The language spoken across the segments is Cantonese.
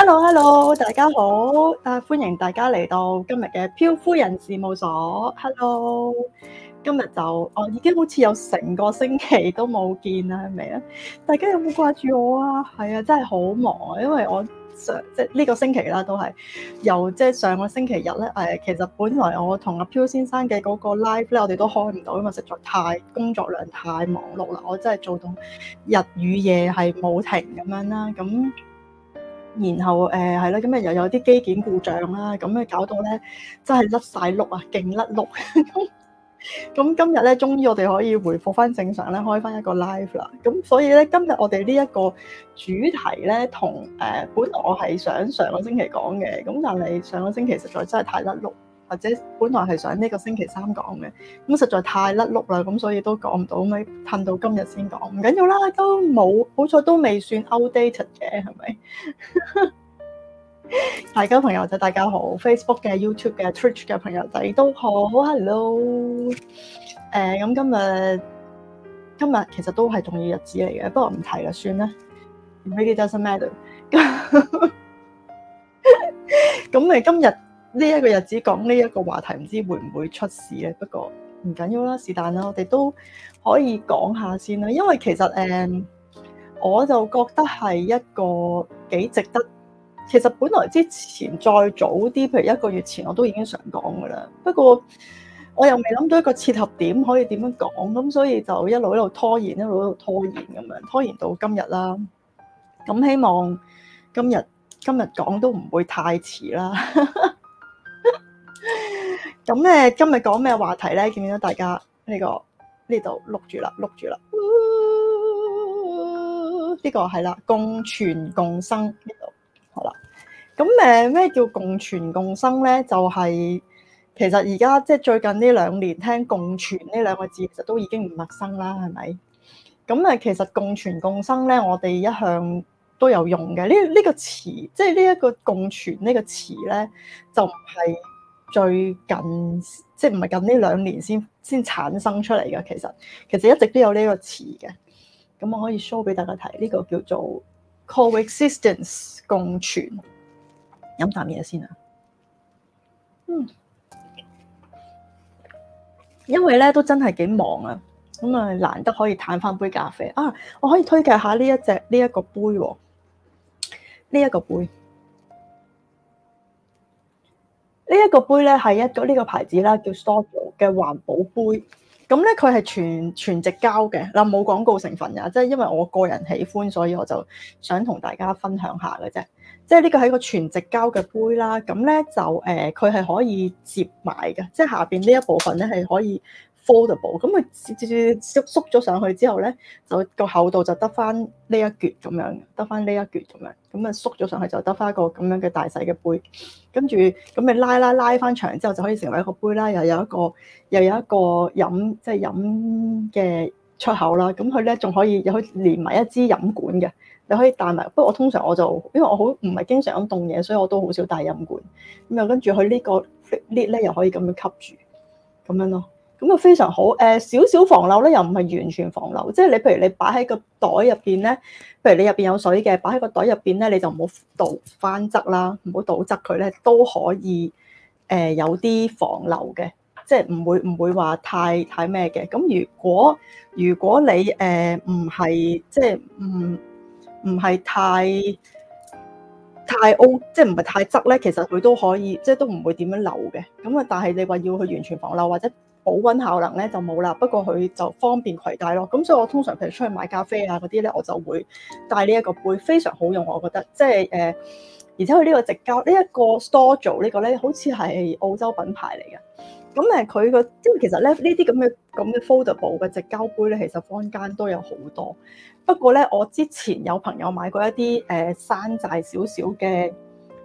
Hello，Hello，hello, 大家好，啊歡迎大家嚟到今日嘅漂夫人事務所。Hello，今日就我，哦，已經好似有成個星期都冇見啦，係咪啊？大家有冇掛住我啊？係啊，真係好忙啊，因為我上即係呢，這個星期啦，都係由即係上個星期日咧。誒，其實本來我同阿漂先生嘅嗰個 live 咧，我哋都開唔到，因為實在太工作量太忙碌啦。我真係做到日與夜係冇停咁樣啦，咁。然後誒係啦，咁、呃、誒又有啲機件故障啦，咁誒搞到咧真係甩晒碌啊，勁甩碌！咁 今日咧終於我哋可以回復翻正常咧，開翻一個 live 啦。咁所以咧今日我哋呢一個主題咧，同誒、呃、本來我係想上個星期講嘅，咁但係上個星期實在真係太甩碌。或者本來係想呢個星期三講嘅，咁實在太甩碌啦，咁所以都講唔到，咁樣褪到今日先講，唔緊要啦，都冇，好彩都未算 outdated 嘅，係咪？ 大家朋友仔，大家好，Facebook 嘅、YouTube 嘅、Twitch 嘅朋友仔都好，hello 好。Hello。誒、呃，咁今日今日其實都係重要日子嚟嘅，不過唔提啦，算啦，e、really、doesn't y matter。 咁咪今日，呢一個日子講呢一個話題，唔知會唔會出事咧？不過唔緊要啦，是但啦。我哋都可以講下先啦。因為其實誒，我就覺得係一個幾值得。其實本來之前再早啲，譬如一個月前我都已經想講㗎喇，不過我又未諗到一個切合點可以點樣講，咁所以就一路一路拖延，一路一路拖延咁樣拖延到今日啦。咁希望今日今日講都唔會太遲啦。 咁咧，今日講咩話題咧？見唔見到大家呢、這個呢度碌住啦，碌住啦。呢、啊這個係啦，共存共生呢度，好啦。咁誒，咩叫共存共生咧？就係、是、其實而家即係最近呢兩年，聽共存呢兩個字，其實都已經唔陌生啦，係咪？咁誒，其實共存共生咧，我哋一向都有用嘅。呢呢、這個詞，即係呢一個共存個詞呢個詞咧，就唔係。最近即係唔係近呢兩年先先產生出嚟嘅，其實其實一直都有呢個詞嘅。咁我可以 show 俾大家睇，呢個叫做 coexistence 共存。飲啖嘢先啊，嗯，因為咧都真係幾忙啊，咁啊難得可以嘆翻杯咖啡啊，我可以推介下呢一隻呢一個杯喎，呢一個杯。呢一個杯咧係一個呢個牌子啦，叫 Stojo 嘅環保杯，咁咧佢係全全矽膠嘅，嗱冇廣告成分呀，即係因為我個人喜歡，所以我就想同大家分享下嘅啫，即係呢個係個全矽膠嘅杯啦，咁咧就誒佢係可以摺埋嘅，即係下邊呢一部分咧係可以。Foldable 咁佢折折折縮咗上去之後咧，就個厚度就得翻呢一橛咁樣，得翻呢一橛咁樣，咁啊縮咗上去就得翻個咁樣嘅大細嘅杯。跟住咁你拉拉拉翻長之後，就可以成為一個杯啦。又有一個又有一個飲即係、就是、飲嘅出口啦。咁佢咧仲可以可以連埋一支飲管嘅，你可以帶埋。不過我通常我就因為我好唔係經常飲凍嘢，所以我都好少帶飲管。咁啊、這個，跟住佢呢個 lead 咧又可以咁樣吸住，咁樣咯。咁啊，就非常好。誒，少少防漏咧，又唔係完全防漏，即係你譬如你擺喺個袋入邊咧，譬如你入邊有水嘅，擺喺個袋入邊咧，你就唔好倒翻側啦，唔好倒側佢咧，都可以誒有啲防漏嘅，即係唔會唔會話太太咩嘅。咁如果如果你誒唔係即係唔唔係太太 O 即係唔係太側咧，其實佢都可以即係都唔會點樣漏嘅。咁啊，但係你話要去完全防漏或者？保溫效能咧就冇啦，不過佢就方便攜帶咯。咁所以我通常譬如出去買咖啡啊嗰啲咧，我就會帶呢一個杯，非常好用，我覺得。即係誒，而且佢呢個直膠、這個、呢一個 store 呢個咧，好似係澳洲品牌嚟嘅。咁誒，佢個因為其實咧呢啲咁嘅咁嘅 foldable 嘅直膠杯咧，其實坊間都有好多。不過咧，我之前有朋友買過一啲誒、呃、山寨少少嘅。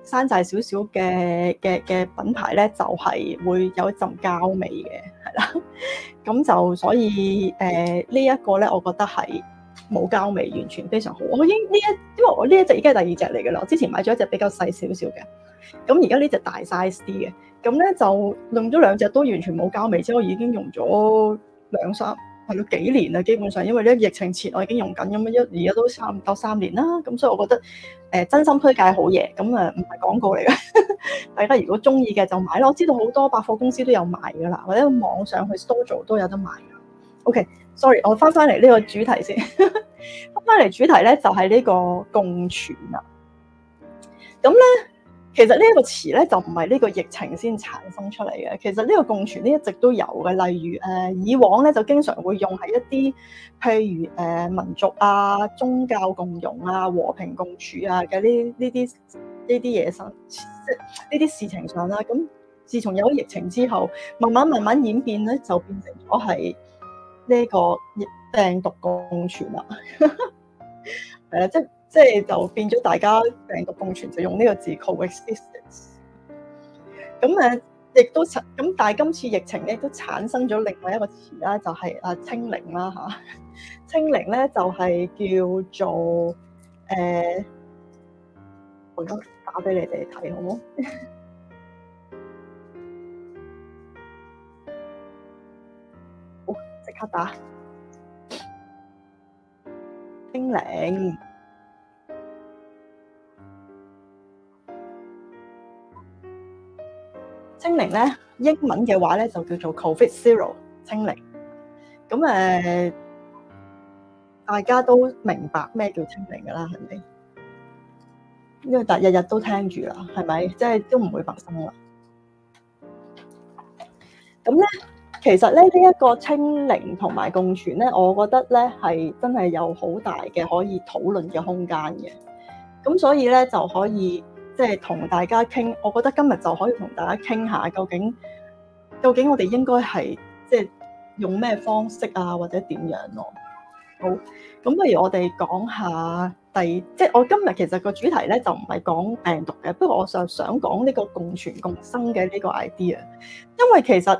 山寨少少嘅嘅嘅品牌咧，就係、是、會有一陣膠味嘅，係啦。咁 就所以誒、呃這個、呢一個咧，我覺得係冇膠味，完全非常好。我已經呢一，因為我呢一隻已經係第二隻嚟㗎啦。我之前買咗一隻比較細少少嘅，咁而家呢隻大 size 啲嘅，咁咧就用咗兩隻都完全冇膠味，之後我已經用咗兩三。係咗幾年啦，基本上因為呢疫情前我已經用緊咁樣一，而家都差唔多三年啦，咁所以我覺得誒、呃、真心推介好嘢，咁啊唔係廣告嚟嘅。大 家如果中意嘅就買咯，我知道好多百貨公司都有賣㗎啦，或者網上去 Store 都有得賣。OK，sorry，okay，我翻翻嚟呢個主題先，翻翻嚟主題咧就係、是、呢個共存啦。咁咧。其實呢一個詞咧就唔係呢個疫情先產生出嚟嘅，其實呢個共存呢，一直都有嘅，例如誒、呃、以往咧就經常會用喺一啲譬如誒、呃、民族啊、宗教共融啊、和平共處啊嘅呢呢啲呢啲嘢上，即係呢啲事情上啦。咁自從有咗疫情之後，慢慢慢慢演變咧，就變成咗係呢個疫病毒共存啦。誒、 呃、即。即係就變咗大家病毒共存，就用呢個字 coexistence。咁誒，亦都產咁，但係今次疫情咧都產生咗另外一個詞啦，就係、是、誒清零啦吓，啊「清零咧就係叫做誒、呃，我而家打俾你哋睇好冇？好，好？即、 哦、刻打清零。零咧，英文嘅話咧就叫做 COVID Zero 清零。咁誒、呃，大家都明白咩叫清零噶啦，係咪？因為大家日日都聽住啦，係咪？即、就、係、是、都唔會發生啦。咁咧，其實咧呢一、這個清零同埋共存咧，我覺得咧係真係有好大嘅可以討論嘅空間嘅。咁所以咧就可以。即係同大家傾，我覺得今日就可以同大家傾下究竟究竟我哋應該係即係用咩方式啊，或者點樣咯、啊？好，咁不如我哋講下第即係我今日其實個主題咧就唔係講病毒嘅，不過我就想講呢個共存共生嘅呢個 idea，因為其實。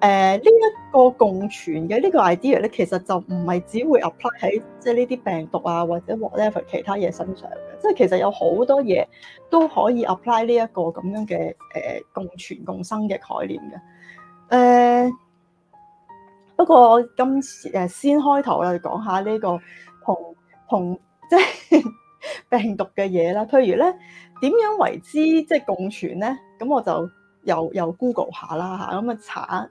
誒呢一個共存嘅呢、這個 idea 咧，其實就唔係只會 apply 喺即係呢啲病毒啊或者 whatever 其他嘢身上嘅，即係其實有好多嘢都可以 apply 呢一個咁樣嘅誒、呃、共存共生嘅概念嘅。誒、呃、不過今次誒、呃、先開頭我哋講下呢、這個同同即係 病毒嘅嘢啦。譬如咧點樣為之即係共存咧？咁我就又又 Google 下啦嚇，咁啊查。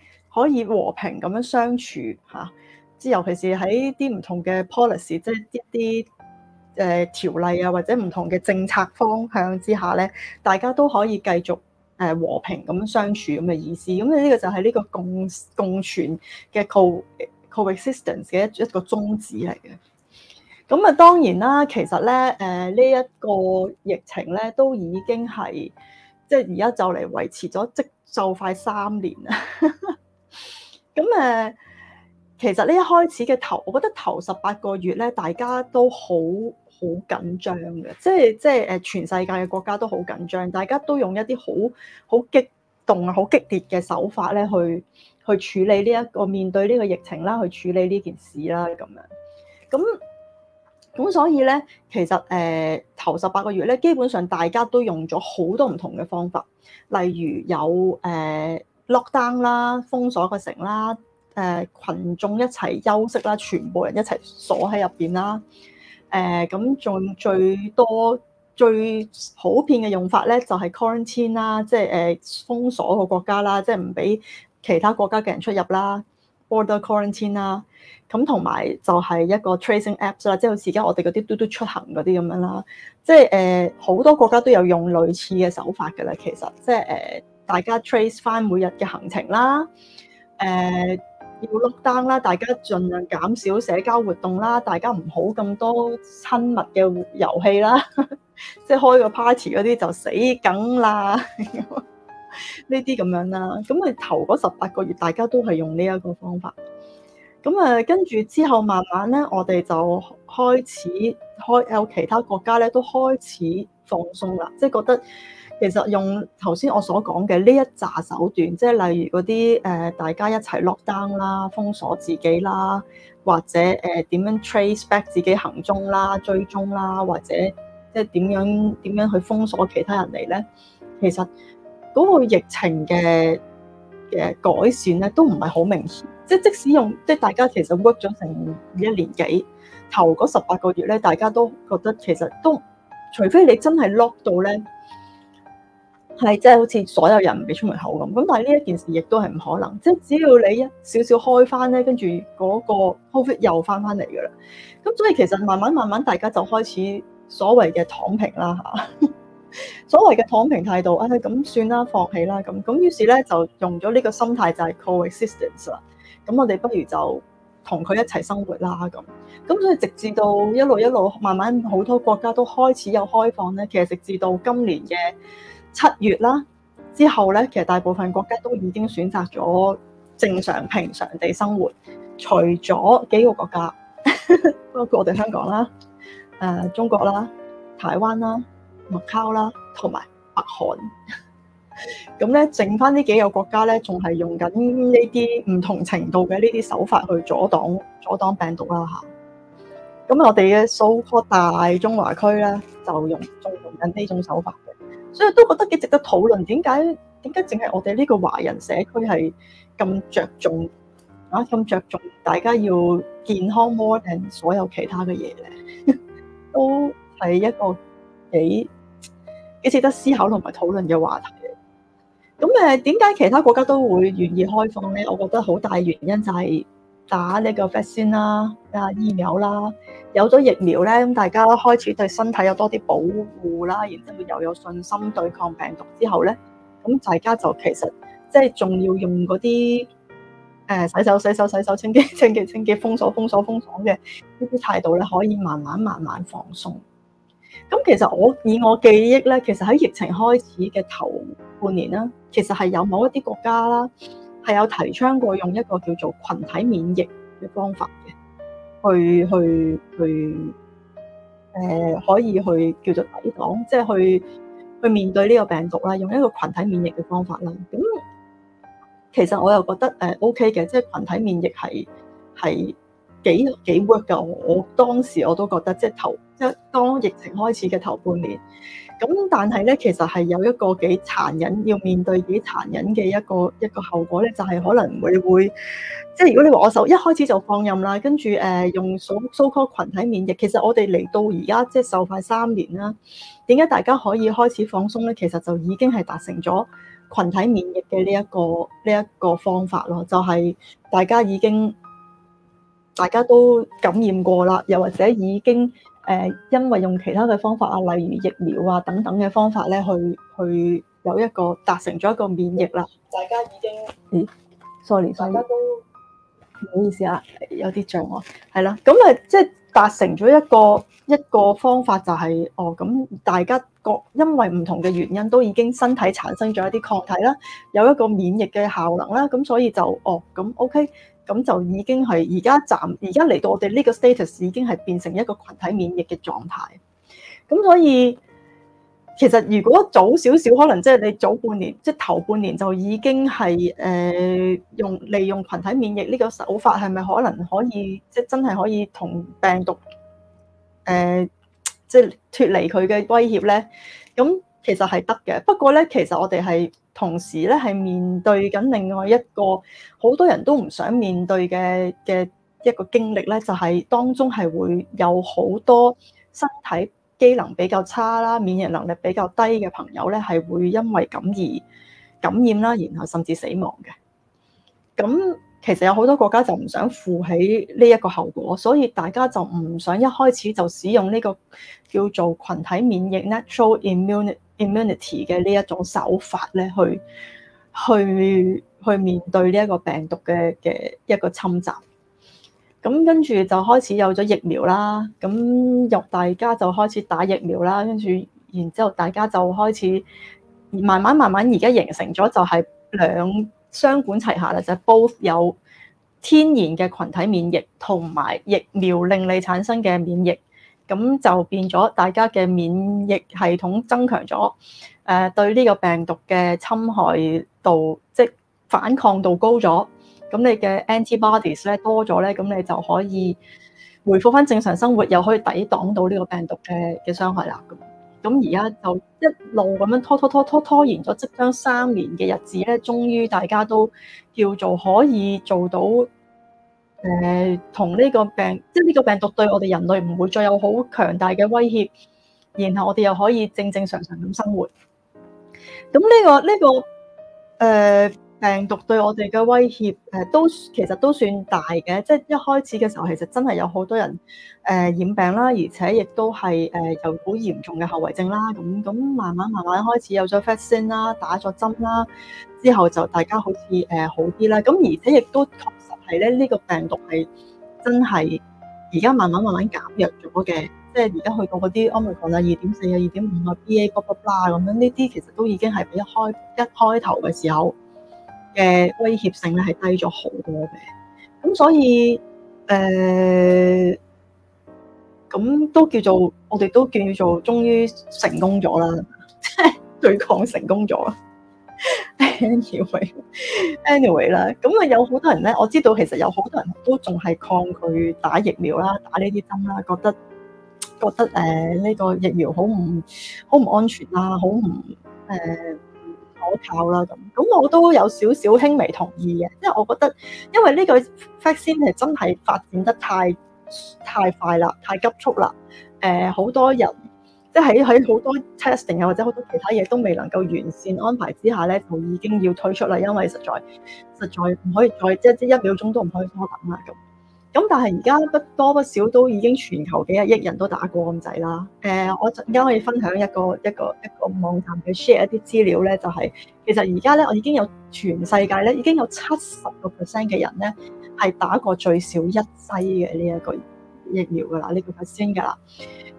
可以和平咁樣相處嚇，即係尤其是喺啲唔同嘅 policy，即係一啲誒條例啊，或者唔同嘅政策方向之下咧，大家都可以繼續誒和平咁樣相處咁嘅意思。咁啊，呢個就係呢個共共存嘅 co coexistence 嘅一一個宗旨嚟嘅。咁啊，當然啦，其實咧誒呢一、呃這個疫情咧，都已經係即係而家就嚟維持咗即就快三年啦。 咁誒，其實呢一開始嘅頭，我覺得頭十八個月咧，大家都好好緊張嘅，即係即係誒，全世界嘅國家都好緊張，大家都用一啲好好激動啊、好激烈嘅手法咧，去去處理呢一個面對呢個疫情啦，去處理呢、這個、件事啦，咁樣。咁咁所以咧，其實誒、呃、頭十八個月咧，基本上大家都用咗好多唔同嘅方法，例如有誒。呃 lock down 啦，封鎖個城啦，誒、呃、羣眾一齊休息啦，全部人一齊鎖喺入邊啦，誒咁仲最多最普遍嘅用法咧，就係、是、quarantine 啦，即係誒封鎖個國家啦，即係唔俾其他國家嘅人出入啦，border quarantine 啦、啊，咁同埋就係一個 tracing apps 啦，即係好似而家我哋嗰啲嘟嘟出行嗰啲咁樣啦，即係誒好多國家都有用類似嘅手法㗎啦，其實即係誒。呃大家 trace 翻每日嘅行程啦，誒、呃、要 lockdown 啦，大家儘量減少社交活動啦，大家唔好咁多親密嘅遊戲啦，即係開個 party 嗰啲就死梗啦，呢啲咁樣啦。咁、嗯、啊頭嗰十八個月，大家都係用呢一個方法。咁、嗯、啊，跟住之後慢慢咧，我哋就開始開，有其他國家咧都開始放鬆啦，即係覺得。其實用頭先我所講嘅呢一扎手段，即係例如嗰啲誒，大家一齊 lock down 啦，封鎖自己啦，或者誒點樣 trace back 自己行蹤啦、追蹤啦，或者即係點樣點樣去封鎖其他人嚟咧。其實嗰個疫情嘅嘅改善咧都唔係好明顯，即係即使用即係大家其實 work 咗成一年幾頭嗰十八個月咧，大家都覺得其實都除非你真係 lock 到咧。係，即係好似所有人唔俾出門口咁咁，但係呢一件事亦都係唔可能。即係只要你一少少開翻咧，跟住嗰個 COVID 又翻翻嚟噶啦。咁所以其實慢慢慢慢，大家就開始所謂嘅躺平啦嚇，所謂嘅躺平態度，唉、哎、咁算啦，放棄啦咁咁。於是咧就用咗呢個心態就係 coexistence 啦。咁我哋不如就同佢一齊生活啦咁咁。所以直至到一路一路慢慢，好多國家都開始有開放咧。其實直至到今年嘅，七月啦，之後咧，其實大部分國家都已經選擇咗正常平常地生活，除咗幾個國家， 包括我哋香港啦、誒、呃、中國啦、台灣啦、馬交啦同埋北韓。咁 咧、嗯，剩翻呢幾個國家咧，仲係用緊呢啲唔同程度嘅呢啲手法去阻擋阻擋病毒啦嚇。咁、嗯、我哋嘅所謂大中華區咧，就用中用緊呢種手法。所以都覺得幾值得討論，點解點解淨係我哋呢個華人社區係咁着重啊，咁著重、啊、著重大家要健康 more than 所有其他嘅嘢咧， 都係一個幾幾值得思考同埋討論嘅話題。咁誒點解其他國家都會願意開放咧？我覺得好大原因就係、是。打呢個 vaccine 啦，啊疫苗啦，有咗疫苗咧，咁大家開始對身體有多啲保護啦，然之後又有信心對抗病毒之後咧，咁大家就其實即係仲要用嗰啲誒洗手、洗手、洗手、清潔、清潔、清潔、封鎖、封鎖、封鎖嘅呢啲態度咧，可以慢慢慢慢放鬆。咁其實我以我記憶咧，其實喺疫情開始嘅頭半年啦，其實係有某一啲國家啦。係有提倡過用一個叫做群體免疫嘅方法嘅，去去去，誒、呃、可以去叫做抵擋，即係去去面對呢個病毒啦，用一個群體免疫嘅方法啦。咁、嗯、其實我又覺得誒、呃、OK 嘅，即係群體免疫係係幾幾 work 㗎。我當時我都覺得，即係頭即係當疫情開始嘅頭半年。咁但係咧，其實係有一個幾殘忍，要面對幾殘忍嘅一個一個後果咧，就係可能會會，即係如果你話我手一開始就放任啦，跟住誒用所 so-called 群體免疫，其實我哋嚟到而家即係受快三年啦。點解大家可以開始放鬆咧？其實就已經係達成咗群體免疫嘅呢一個呢一個方法咯，就係大家已經大家都感染過啦，又或者已經。誒，因為用其他嘅方法啊，例如疫苗啊等等嘅方法咧，去去有一個達成咗一個免疫啦。大家已經咦，sorry，sorry，大家都唔好意思啊，有啲障礙，係啦，咁啊，即係達成咗一個一個方法就係，哦，咁大家各因為唔同嘅原因都已經身體產生咗一啲抗體啦，有一個免疫嘅效能啦，咁所以就，哦，咁 OK。咁就已經係而家站，而家嚟到我哋呢個 status 已經係變成一個群體免疫嘅狀態。咁所以其實如果早少少，可能即係你早半年，即係頭半年就已經係誒、呃、用利用群體免疫呢個手法，係咪可能可以即係真係可以同病毒誒即係脱離佢嘅威脅咧？咁其實係得嘅，不過咧，其實我哋係同時咧係面對緊另外一個好多人都唔想面對嘅嘅一個經歷咧，就係、是、當中係會有好多身體機能比較差啦、免疫能力比較低嘅朋友咧，係會因為咁而感染感染啦，然後甚至死亡嘅。咁其實有好多國家就唔想負起呢一個後果，所以大家就唔想一開始就使用呢個叫做群體免疫 （natural immunity）。immunity 嘅呢一種手法咧，去去去面對呢一個病毒嘅嘅一個侵襲，咁跟住就開始有咗疫苗啦。咁入大家就開始打疫苗啦。跟住然之後大家就開始慢慢慢慢而家形成咗，就係兩相管齊下啦，就係 both 有天然嘅群體免疫同埋疫苗令你產生嘅免疫。咁就變咗，大家嘅免疫系統增強咗，誒、呃、對呢個病毒嘅侵害度，即反抗度高咗。咁你嘅 antibodies 咧多咗咧，咁你就可以回復翻正常生活，又可以抵擋到呢個病毒嘅嘅傷害啦。咁咁而家就一路咁樣拖拖拖拖拖、拖延咗，即將三年嘅日子咧，終於大家都叫做可以做到。誒、呃、同呢個病，即係呢個病毒對我哋人類唔會再有好強大嘅威脅，然後我哋又可以正正常常咁生活。咁呢、這個呢、這個誒、呃、病毒對我哋嘅威脅誒都、呃、其實都算大嘅，即、就、係、是、一開始嘅時候其實真係有好多人誒染病啦，而且亦都係誒有好嚴重嘅後遺症啦。咁咁慢慢慢慢開始有咗 vaccine 啦，打咗針啦，之後就大家好似誒好啲啦。咁而且亦都。係咧，呢個病毒係真係而家慢慢慢慢減弱咗嘅，即係而家去到嗰啲 Omicron 啊、二點四啊、二點五啊、BA. 個啦，咁樣呢啲其實都已經係比一開一開頭嘅時候嘅威脅性咧係低咗好多嘅，咁所以誒，咁、呃、都叫做我哋都叫做終於成功咗啦，即 係對抗成功咗。 anyway，anyway 啦，咁啊、anyway, anyway, 有好多人咧，我知道其實有好多人都仲係抗拒打疫苗啦，打呢啲針啦，覺得覺得誒呢、呃這個疫苗好唔好唔安全啦，好唔誒可靠啦咁，咁我都有少少輕微同意嘅，即係我覺得因為呢個 vaccine 係真係發展得太太快啦，太急速啦，誒、呃、好多人。即係喺喺好多 testing 啊，或者好多其他嘢都未能夠完善安排之下咧，就已經要推出啦。因為實在實在唔可以再即一秒鐘都唔可以多等啦。咁咁，但係而家不多不少都已經全球幾廿億人都打過咁滯啦。誒、呃，我而家陣間可以分享一個一個一個網站去 share 一啲資料咧，就係、是、其實而家咧，我已經有全世界咧，已經有七十個 percent 嘅人咧係打過最少一劑嘅呢一個。疫苗噶啦，你叫佢先噶啦。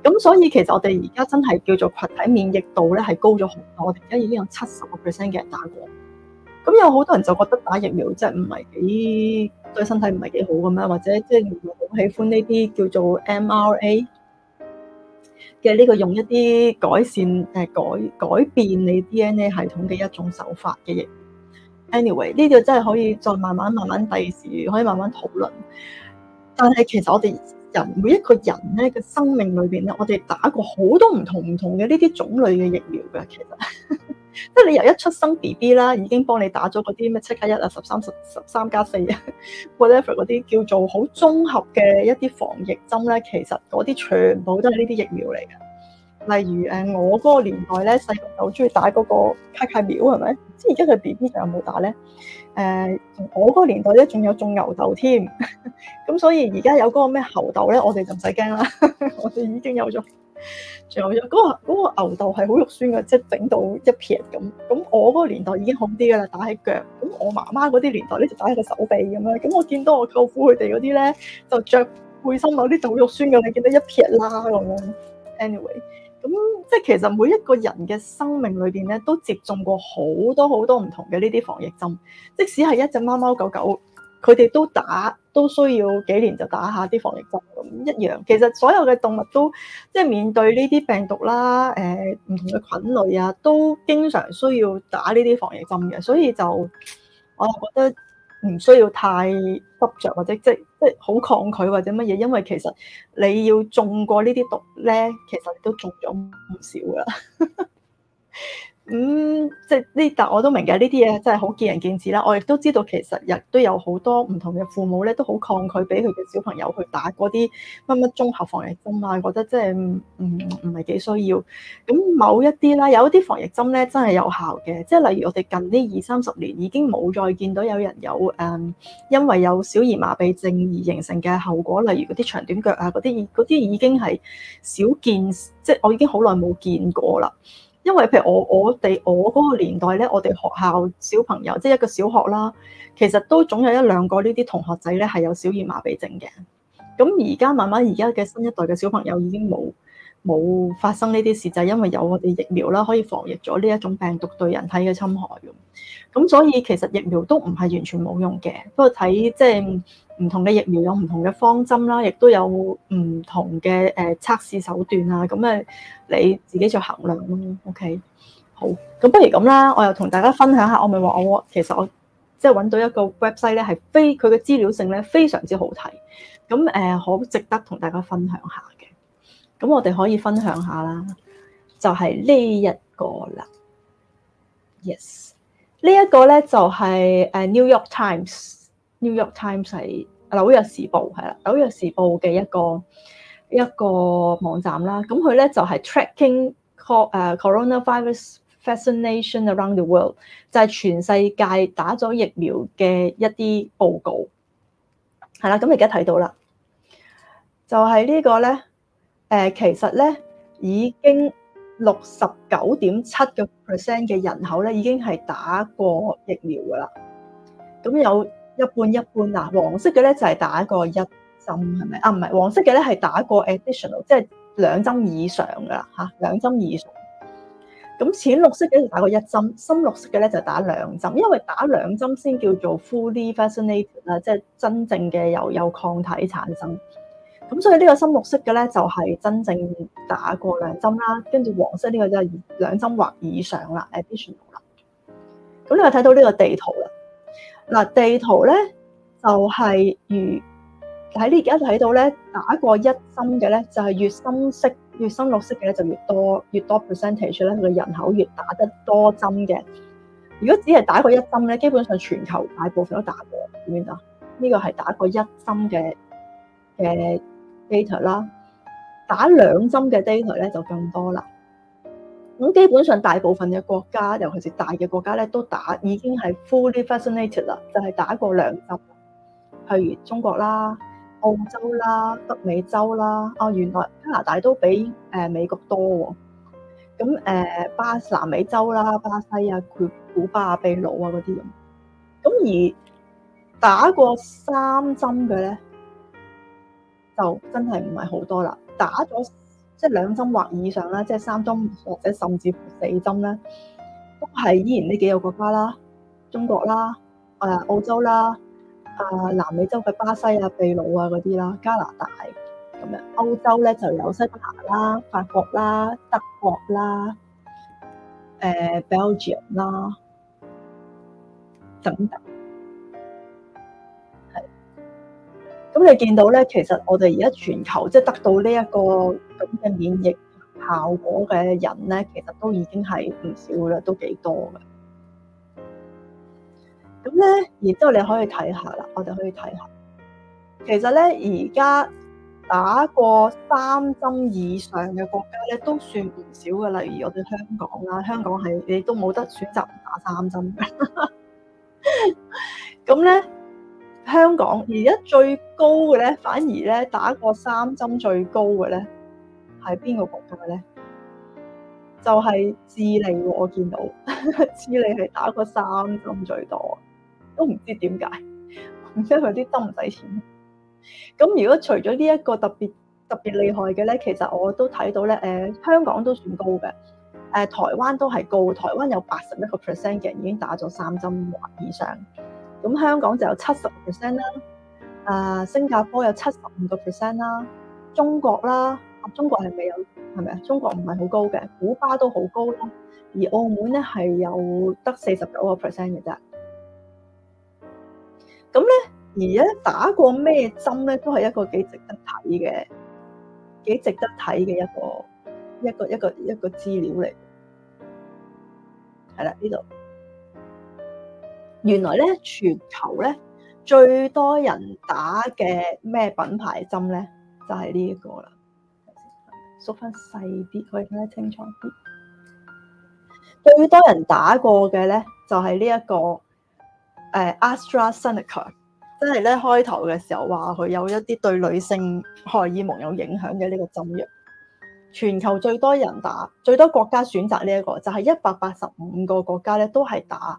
咁所以其實我哋而家真係叫做群體免疫度咧，係高咗好多。我哋而家已經有七十個 percent 嘅人打過。咁有好多人就覺得打疫苗真係唔係幾對身體唔係幾好咁樣，或者即係好喜歡呢啲叫做 mRNA 嘅呢個用一啲改善誒、呃、改改變你 DNA 系統嘅一種手法嘅嘢。Anyway，呢個真係可以再慢慢慢慢第時可以慢慢討論。但係其實我哋。人每一個人咧嘅生命裏邊咧，我哋打過好多唔同唔同嘅呢啲種類嘅疫苗嘅，其實即係 你由一出生 B B 啦，已經幫你打咗嗰啲咩七加一啊、十三十十三加四啊，whatever 嗰啲叫做好綜合嘅一啲防疫針咧，其實嗰啲全部都係呢啲疫苗嚟嘅。例如誒，我嗰個年代咧，細個就好中意打嗰個卡卡苗，係咪？即係而家佢 B B 仲有冇打咧？誒，uh, 我嗰個年代咧仲有種牛豆添，咁、 嗯、所以而家有嗰個咩猴豆咧，我哋就唔使驚啦， 我哋已經有咗，仲有咗嗰、嗰個嗰個牛豆係好肉酸噶，即係整到一撇咁。咁我嗰個年代已經好啲噶啦，打喺腳。咁我媽媽嗰啲年代咧就打喺個手臂咁樣。咁我見到我舅父佢哋嗰啲咧就着背心，某啲就好肉酸噶，你見到一撇啦咁樣。 anyway 咁即係其實每一個人嘅生命裏邊咧，都接種過好多好多唔同嘅呢啲防疫針。即使係一隻貓貓狗狗，佢哋都打都需要幾年就打下啲防疫針咁一樣。其實所有嘅動物都即係面對呢啲病毒啦，誒、呃、唔同嘅菌類啊，都經常需要打呢啲防疫針嘅。所以就我覺得，唔需要太執着，或者即係即係好抗拒或者乜嘢，因為其實你要中過呢啲毒咧，其實你都中咗唔少㗎啦。 咁即係呢，但我都明嘅呢啲嘢真係好見仁見智啦。我亦都知道其實亦都有好多唔同嘅父母咧，都好抗拒俾佢嘅小朋友去打嗰啲乜乜綜合防疫針啊，我覺得即係唔唔唔係幾需要。咁某一啲咧，有一啲防疫針咧真係有效嘅，即係例如我哋近呢二三十年已經冇再見到有人有誒，因為有小兒麻痹症而形成嘅後果，例如嗰啲長短腳啊，嗰啲啲已經係少見，即係我已經好耐冇見過啦。因為譬如我我哋我嗰個年代咧，我哋學校小朋友即係一個小學啦，其實都總有一兩個呢啲同學仔咧係有小兒麻痹症嘅。咁而家慢慢而家嘅新一代嘅小朋友已經冇。冇發生呢啲事，就係因為有我哋疫苗啦，可以防疫咗呢一種病毒對人體嘅侵害咁。所以其實疫苗都唔係完全冇用嘅，不過睇即係唔同嘅疫苗有唔同嘅方針啦，亦都有唔同嘅誒測試手段啊。咁誒你自己再衡量咯。OK，好，咁不如咁啦，我又同大家分享下，我咪話我其實我即係揾到一個 website 咧，係非佢嘅資料性咧，非常之好睇，咁誒好值得同大家分享下。咁我哋可以分享下啦，就係呢一個啦。Yes，呢一個咧就係誒 New York Times，New York Times 係紐約時報係啦，紐約時報嘅一個一個網站啦。咁佢咧就係 tracking coronavirus vaccination around the world，就係全世界打咗疫苗嘅一啲報告係啦。咁你而家睇到啦，就係呢個咧。誒，其實咧已經六十九點七個 percent 嘅人口咧，已經係打過疫苗噶啦。咁有一半一半啊，黃色嘅咧就係打過一針，係咪啊？唔係黃色嘅咧係打過 additional，即係兩針以上噶啦嚇，兩針以上。咁淺綠色嘅就打過一針，深綠色嘅咧就打兩針，因為打兩針先叫做 fully vaccinated 啦，即係真正嘅有有抗體產生。咁、嗯、所以呢個深綠色嘅咧就係、是、真正打過兩針啦，跟住黃色呢個就係兩針或以上啦，additional、啊、啦。咁你又睇到呢個地圖啦。嗱、啊，地圖咧就係、是、如喺呢而家睇到咧，打過一針嘅咧就係、是、越深色、越深綠色嘅咧就越多，越多 percentage 咧佢嘅人口越打得多針嘅。如果只係打過一針咧，基本上全球大部分都打過，明唔明啊？呢、這個係打過一針嘅，誒、呃、data 啦，打兩針嘅 data 咧就更多啦。咁基本上大部分嘅國家，尤其是大嘅國家咧，都打已經係 fully vaccinated 啦，就係、是、打過兩針。譬如中國啦、澳洲啦、北美洲啦，啊、哦，原來加拿大都比誒美國多。咁誒、呃、巴南美洲啦，巴西啊、古古巴魯啊、秘魯啊嗰啲咁。咁而打過三針嘅咧？真係唔係好多啦，打咗即係兩針或以上啦，即係三針或者甚至乎四針啦，都係依然呢幾個國家啦，中國啦，誒澳洲啦，啊南美洲嘅巴西啊、秘魯啊嗰啲啦，加拿大咁樣，歐洲咧就有西班牙啦、法國啦、德國啦、誒 Belgium 啦等等。咁你見到咧，其實我哋而家全球即係得到呢一個咁嘅免疫效果嘅人咧，其實都已經係唔少啦，都幾多嘅。咁咧，然之後你可以睇下啦，我哋可以睇下。其實咧，而家打過三針以上嘅國家咧，都算唔少嘅。例如我哋香港啦，香港係你都冇得選擇打三針嘅。咁 咧。香港而家最高嘅咧，反而咧，打過三針最高嘅咧，係邊個國家咧？就係智利，我見到 智利係打過三針最多，都唔知點解，唔知佢啲針唔使錢。咁如果除咗呢一個特別特別厲害嘅咧，其實我都睇到咧，誒香港都算高嘅，誒台灣都係高，台灣有八十一個 percent 嘅人已經打咗三針或以上。咁香港就有七十 percent 啦，啊新加坡有七十五個 percent 啦，中國啦，中國係咪有？係咪啊？中國唔係好高嘅，古巴都好高啦，而澳門咧係有得四十九個 percent 嘅啫。咁咧而家打過咩針咧，都係一個幾值得睇嘅，幾值得睇嘅一個一個一個一個資料嚟，係啦呢度。原來咧，全球咧最多人打嘅咩品牌針咧，就係呢一個啦。縮翻細啲，可以睇得清楚啲。最多人打過嘅咧，就係呢一個。誒，AstraZeneca，即係咧開頭嘅時候話佢有一啲對女性荷爾蒙有影響嘅呢個針藥。全球最多人打，最多國家選擇呢一個，就係一百八十五個國家咧，都係打。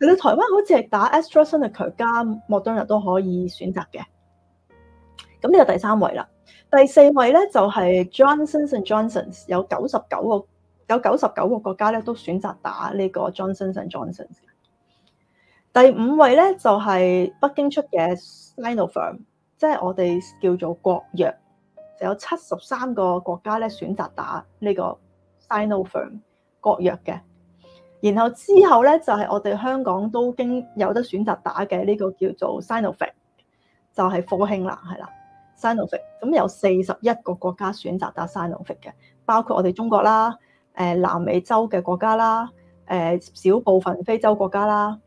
喺台灣好似係打 AstraZeneca 加 Moderna 都可以選擇嘅，咁呢個第三位啦。第四位咧就係、是、Johnson and Johnson，有九十九個有九十九個國家咧都選擇打呢個 Johnson and Johnson。第五位咧就係、是、北京出嘅 Sinopharm，即係我哋叫做國藥，就有七十三個國家咧選擇打呢個 Sinopharm 國藥嘅。然後之後咧，就係、是、我哋香港都經有得選擇打嘅呢、這個叫做 Sinovac，就係科興啦，係啦，Sinovac。咁有四十一個國家選擇打 Sinovac 嘅，包括我哋中國啦，誒、呃、南美洲嘅國家啦，誒、呃、少部分非洲國家啦，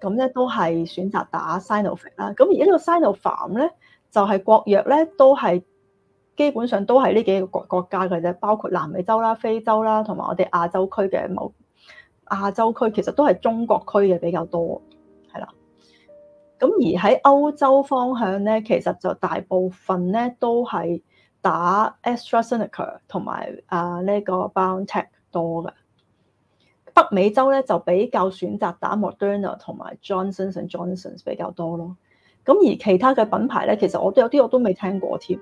咁咧都係選擇打 Sinovac 啦。咁而家呢個 Sinovac 咧，就係、是、國藥咧，都係基本上都係呢幾個國國家嘅啫，包括南美洲啦、非洲啦，同埋我哋亞洲區嘅某。亞洲區其實都係中國區嘅比較多，係啦。咁而喺歐洲方向咧，其實就大部分咧都係打 AstraZeneca 同埋啊呢個 BioNTech 多嘅。北美洲咧就比較選擇打 Moderna 同埋 John Johnson&Johnson 比較多咯。咁而其他嘅品牌咧，其實我都有啲我都未聽過添。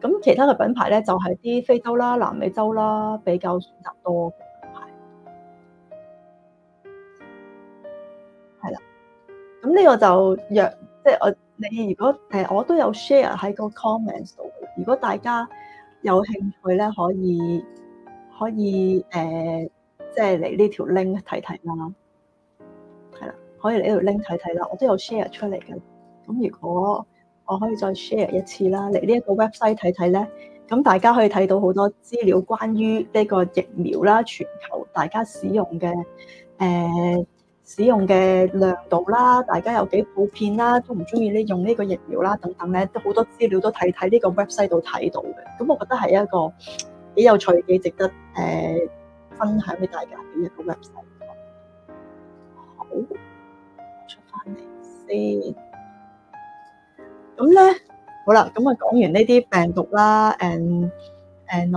咁其他嘅品牌咧，就係、是、啲非洲啦、南美洲啦比較選擇多。咁呢個就約即係我你如果誒我都有 share 喺個 comments 度，如果大家有興趣咧，可以可以誒即係嚟呢條 link 睇睇啦，係啦，可以嚟呢、呃就是、條 link 睇睇啦，我都有 share 出嚟嘅。咁如果我可以再 share 一次啦，嚟呢一個 website 睇睇咧，咁大家可以睇到好多資料，關於呢個疫苗啦，全球大家使用嘅誒。呃使用嘅量度啦，大家有幾普遍啦，中唔中意呢？用呢個疫苗啦，等等咧，都好多資料都睇睇呢個 website 度睇到嘅。咁我覺得係一個幾有趣，幾值得誒分享俾大家嘅一個 website。好，出翻嚟先。咁咧，好啦，咁啊講完呢啲病毒啦，誒誒，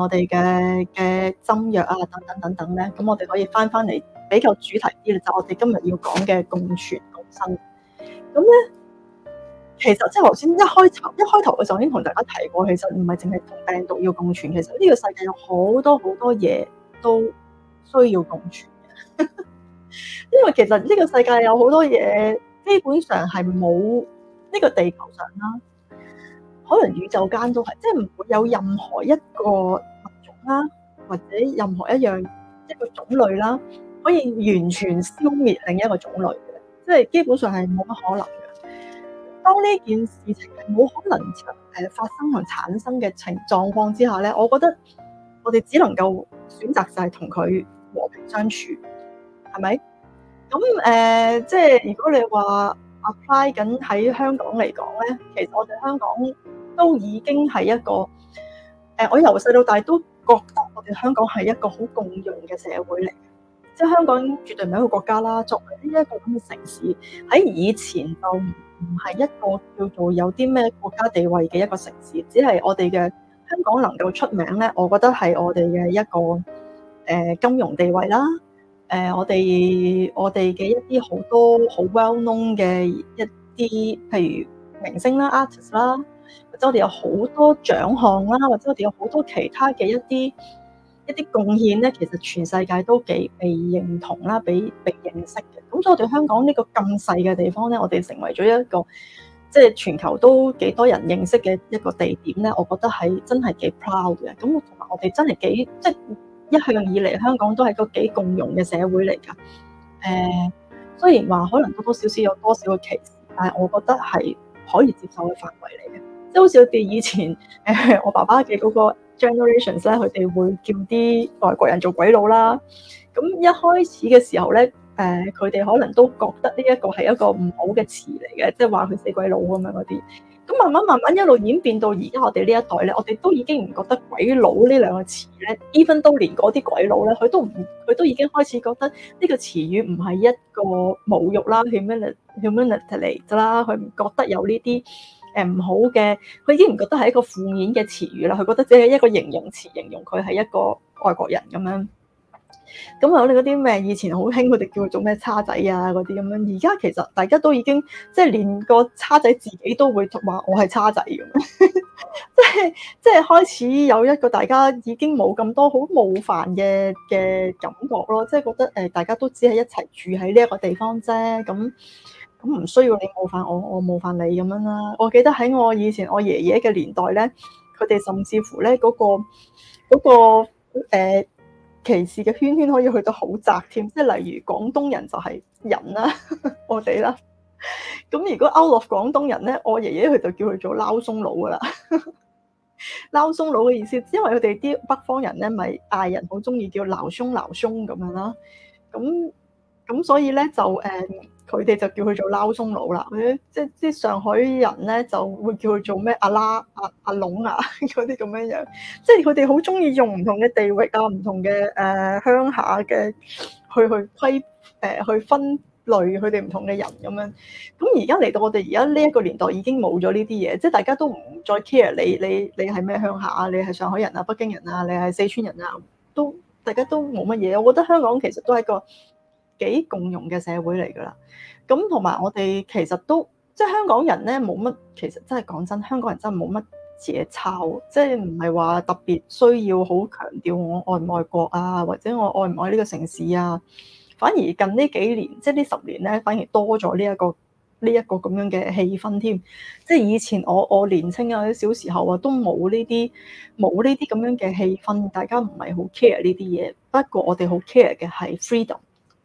我哋嘅嘅針藥啊，等等等等咧，咁我哋可以翻翻嚟。比較主題啲啦，就我哋今日要講嘅共存共生咁咧。其實即係頭先一開頭一開頭，我已經同大家提過，其實唔係淨係同病毒要共存，其實呢個世界有好多好多嘢都需要共存嘅。 因為其實呢個世界有好多嘢，基本上係冇呢個地球上啦，可能宇宙間都係即係唔會有任何一個物種啦，或者任何一樣一個種類啦。可以完全消滅另一個種類嘅，即係基本上係冇乜可能嘅。當呢件事情係冇可能誒發生同產生嘅情狀況之下咧，我覺得我哋只能夠選擇就係同佢和平相處，係咪？咁誒、呃、即係如果你話 apply 緊喺香港嚟講咧，其實我哋香港都已經係一個誒我由細到大都覺得我哋香港係一個好共融嘅社會嚟。即係香港絕對唔係一個國家啦，作為呢一個咁嘅城市，喺以前就唔係一個叫做有啲咩國家地位嘅一個城市，只係我哋嘅香港能夠出名咧，我覺得係我哋嘅一個誒金融地位啦，誒我哋我哋嘅一啲好多好 well known 嘅一啲，譬如明星啦、artist 啦，或者我哋有好多獎項啦，或者我哋有好多其他嘅一啲。一啲貢獻咧，其實全世界都幾被認同啦，被被認識嘅。咁所以我哋香港呢個咁細嘅地方咧，我哋成為咗一個即係、就是、全球都幾多人認識嘅一個地點咧，我覺得係真係幾 proud 嘅。咁同埋我哋真係幾即係一向以嚟香港都係個幾共融嘅社會嚟㗎。誒、呃、雖然話可能多多少少有多少嘅歧視，但係我覺得係可以接受嘅範圍嚟嘅。即、就、係、是、好似我哋以前誒、呃、我爸爸嘅嗰、那個。Generations 咧，佢哋會叫啲外國人做鬼佬啦。咁一開始嘅時候咧，誒，佢哋可能都覺得呢一個係一個唔好嘅詞嚟嘅，即係話佢死鬼佬咁樣嗰啲。咁慢慢慢慢一路演變到而家我哋呢一代咧，我哋都已經唔覺得鬼佬呢兩個詞咧，even 都連嗰啲鬼佬咧，佢都唔，佢都已經開始覺得呢個詞語唔係一個侮辱啦，humanity 㗎啦，佢唔 覺得有呢啲。誒唔好嘅，佢已經唔覺得係一個負面嘅詞語啦。佢覺得只係一個形容詞，形容佢係一個外國人咁樣。咁我哋嗰啲咩以前好興，佢哋叫佢做咩叉仔啊嗰啲咁樣。而家其實大家都已經即係連個叉仔自己都會話我係叉仔咁，即係即係開始有一個大家已經冇咁多好冒犯嘅嘅感覺咯。即係覺得誒，大家都只係一齊住喺呢一個地方啫咁。咁唔需要你冒犯我，我冒犯你咁樣啦。我記得喺我以前我爺爺嘅年代咧，佢哋甚至乎咧，嗰個嗰個呃歧視嘅圈圈可以去到好窄添，即係例如廣東人就係人啦， 我哋啦。咁如果勾落廣東人咧，我爺爺佢就叫佢做撈鬆佬噶啦， 撈鬆佬嘅意思，因為佢哋啲北方人咧咪嗌人好中意叫撈鬆撈鬆咁樣啦。咁咁所以咧就誒。嗯佢哋就叫佢做撈中佬啦。哎，即係上海人咧就會叫佢做咩阿拉阿阿龍啊嗰啲咁樣樣，即係佢哋好中意用唔同嘅地域啊、唔同嘅誒、呃、鄉下嘅去去規誒去、呃、去分類佢哋唔同嘅人咁樣。咁而家嚟到我哋而家呢一個年代已經冇咗呢啲嘢，即係大家都唔再 care 你你你係咩鄉下啊，你係上海人啊、北京人啊，你係四川人啊，都大家都冇乜嘢。我覺得香港其實都係一個。幾共融嘅社會嚟㗎啦，咁同埋我哋其實都即係香港人咧，冇乜其實真係講真，香港人真係冇乜野仇，即係唔係話特別需要好強調我愛唔愛國啊，或者我愛唔愛呢個城市啊？反而近呢幾年，即係呢十年咧，反而多咗呢一個呢一個咁樣嘅氣氛添。即係以前我我年青啊，啲小時候啊，都冇呢啲冇呢啲咁樣嘅氣氛，大家唔係好 care 呢啲嘢。不過我哋好 care 嘅係 freedom。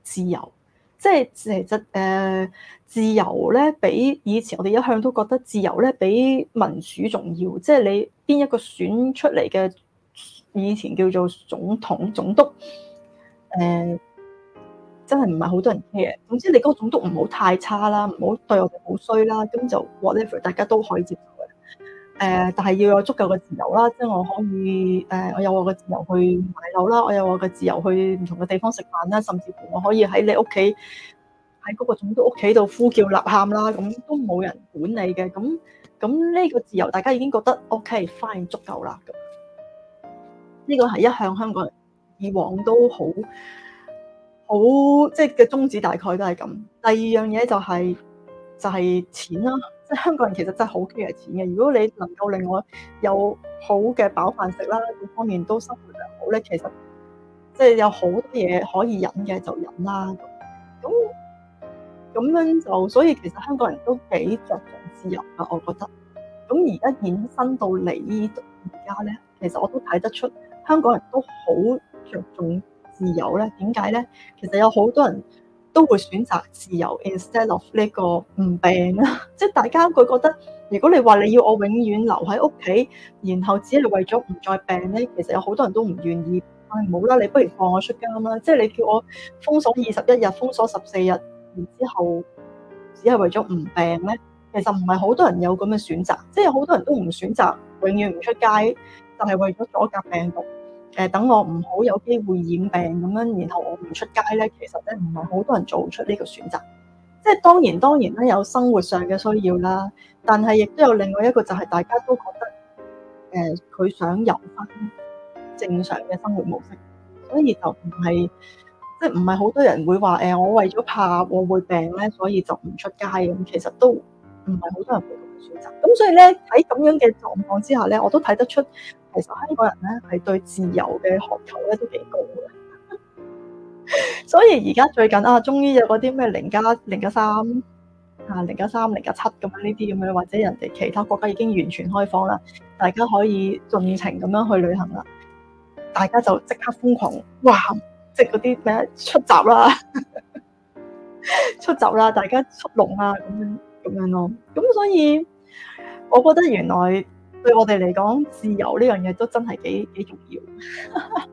自由，即係其實誒自由咧，比以前我哋一向都覺得自由咧，比民主重要。即係你邊一個選出嚟嘅，以前叫做總統、總督，誒、呃、真係唔係好多人嘅。總之你嗰個總督唔好太差啦，唔好對我哋好衰啦，咁就 whatever，大家都可以接受。誒，但係要有足夠嘅自由啦，即係我可以誒，我有我嘅自由去買樓啦，我有我嘅自由去唔同嘅地方食飯啦，甚至乎我可以喺你屋企，喺嗰個總督屋企度呼叫立喊啦，咁都冇人管你嘅，咁咁呢個自由，大家已經覺得 OK，fine，足夠啦。呢個係一向香港人以往都好，好即係嘅宗旨，大概都係咁。第二樣嘢就係就係錢啦。香港人其實真係好 care 錢嘅，如果你能夠令我有好嘅飽飯食啦，各方面都生活良好咧，其實即係有好多嘢可以忍嘅就忍啦。咁咁樣就所以其實香港人都幾着重自由呀，我覺得。咁而家衍生到嚟而家咧，其實我都睇得出香港人都好着重自由咧。點解咧？其實有好多人。都會選擇自由，instead of 呢個唔病啦。即 係大家會覺得，如果你話你要我永遠留喺屋企，然後只係為咗唔再病呢，其實有好多人都唔願意。唔好啦，你不如放我出監啦。即係你叫我封鎖二十一日、封鎖十四日然之後，只係為咗唔病呢，其實唔係好多人有咁嘅選擇。即係好多人都唔選擇永遠唔出街，就係為咗阻隔病毒。誒，等我唔好有機會染病咁樣，然後我唔出街咧，其實咧唔係好多人做出呢個選擇。即係當然，當然咧有生活上嘅需要啦，但係亦都有另外一個就係、是、大家都覺得誒，佢、呃、想游翻正常嘅生活模式，所以就唔係即係唔係好多人會話誒、呃，我為咗怕我會病咧，所以就唔出街咁。其實都唔係好多人會咁嘅選擇。咁所以咧喺咁樣嘅狀況之下咧，我都睇得出。其實香港人咧係對自由嘅渴求咧都幾高嘅， 所以而家最近啊，終於有嗰啲咩零加零加三啊，零加三零加七咁樣呢啲咁樣，或者人哋其他國家已經完全開放啦，大家可以盡情咁樣去旅行啦，大家就即刻瘋狂哇！即係嗰啲咩出閘啦、出閘啦， 大家出籠啦咁樣咁樣咯，咁所以我覺得原來。對我哋嚟講，自由呢樣嘢都真係幾幾重要。